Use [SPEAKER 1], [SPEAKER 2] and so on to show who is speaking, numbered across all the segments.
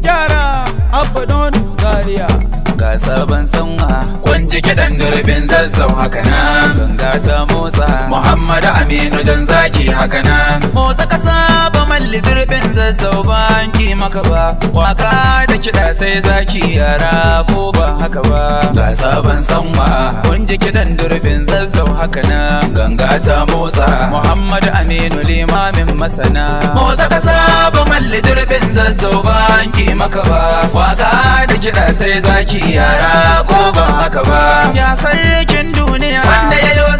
[SPEAKER 1] Gyara Abadon Zaria. Ga sabon sanwa, kun ji kiɗan durbin zazzau haka nan. Ganga ta motsa, Muhammadu Aminu jan zaki haka nan. Motsa kasa ba malli durbin zazzau ba, ki maka ba, waka da sai zaki yara ko ba haka ba ga sabon sanwa kun ji kiɗan durbin zazzau haka na ganga ta motsa Muhammadu aminu limamin masana motsa ka saba malli durbin zazzau ba ki maka ba waka da kiɗa sai zaki yara ko ba haka ba ya sarkin duniya wanda ya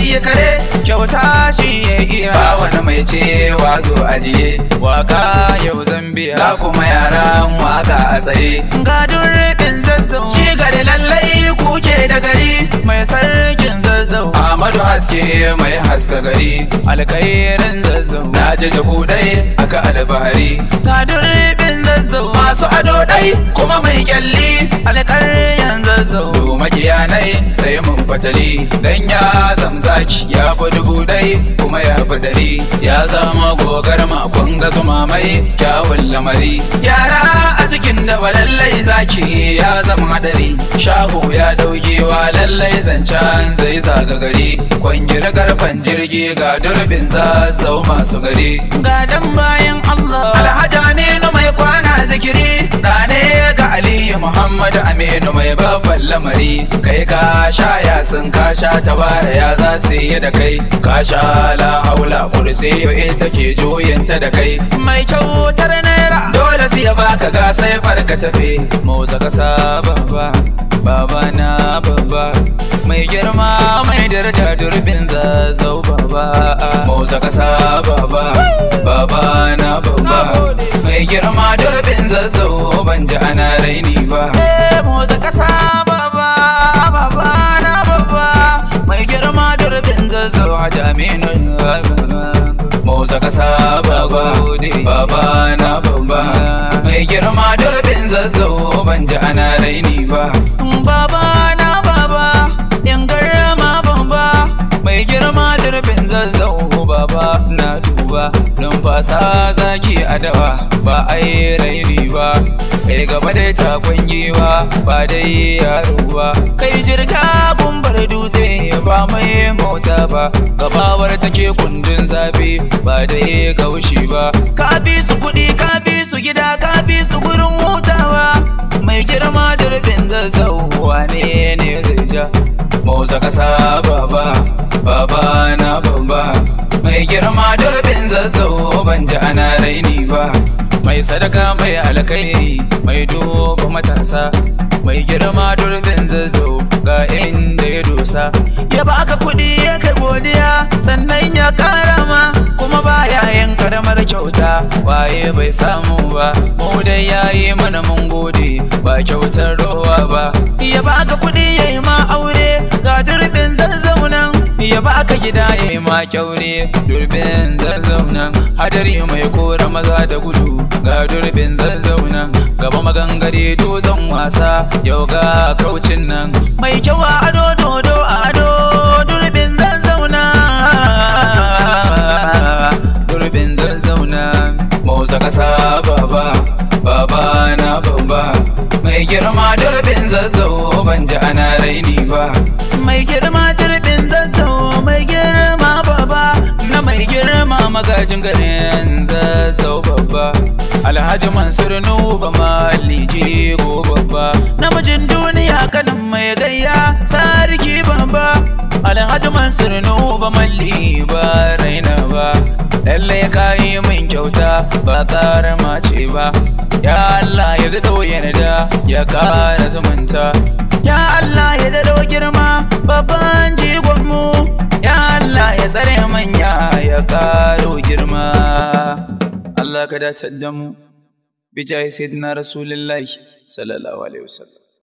[SPEAKER 1] yi kare kyauta shi ya iya ba wani mai cewa zo ajiye waka yau zan biya kuma yaran waka a tsaye ga durrikin zazzau ci gari lallai kuke da gari mai sarkin zazzau Amadu haske mai haska gari alkairin zazzau na ji da kudai aka alfahari ga durrikin zazzau masu ado dai kuma mai kyalli alkairin zo du makiya nai sai mun fatali dan ya zamzaki ya fi dubu dai kuma ya fi dari ya zama gogar makon ga zuma mai kyawun lamari yara a cikin da ba lallai zaki ya zama haɗari. shaho ya daugewa lallai zancen zai zaga gari kwangir karfan jirgi ga durbin zazzau masu gari gadan bayan Allah alhaja ne kwana zikiri ɗane ga aliyu muhammadu aminu mai babban lamari kai ka sha sun ka sha tabara ya za su yi da kai ka sha la haula yau ita ke juyinta da kai mai kyautar naira dole su ya baka ga sai farka tafi motsa kasa baba baba na baba mai girma mai daraja durbin zazzau baba motsa kasa baba mai girma durbin zazzau ban ji ana raini ba eh motsa kasa baba baba na baba mai girma durbin zazzau a jaminun motsa kasa baba baba na baba mai girma durbin zazzau ban ji ana raini ba baba na baba in garama baba mai girma durbin zazzau baba na ba numfasa zaki a ba a yi raini ba kai gaba dai takon giwa ba dai yaro kai jirga gumbar dutse ba mai mota ba gabawar take kundin zafi ba dai gaushi ba ka fi su kuɗi ka fi su gida ka fi su gurin hutawa mai girma durbin zazzau wane ne zai ja motsa kasa baba baba na ba mai girma durbin zazzau ban ji ana raini ba mai sadaka mai alkairi mai dogo matasa mai girma durbin zazzau ga inda ya dosa ya ba aka kudi ya kai godiya sannan ya karama kuma ba yayin karamar kyauta waye bai samu ba mu dai yayi mana mun gode ba kyautar rowa ba ya ba aka kudi ya yi ma aure ba aka gida eh ma kyaure durbin zazzauna hadari mai kora maza da gudu ga durbin zazzauna gaba magangare zan wasa yau ga kaucin nan mai kyau a ado dodo a ado durbin zazzauna durbin zazzauna motsa kasa baba baba na bamba mai girma durbin zazzau ban ji ana raini ba magajin yanzu zazzau babba alhaji mansur nuba maliji ko babba namijin duniya kanin mai gayya sarki babba alhaji mansur nuba malli ba raina ba lalle ya kayi min kyauta ba ƙarar mace ba ya Allah ya zaɗo yarda ya ƙara zumunta ya Allah ya zaɗo girma babban jigonmu ya Allah ya tsare manya ya ƙara هكذا تهدموا بجاه سيدنا رسول الله صلى الله عليه وسلم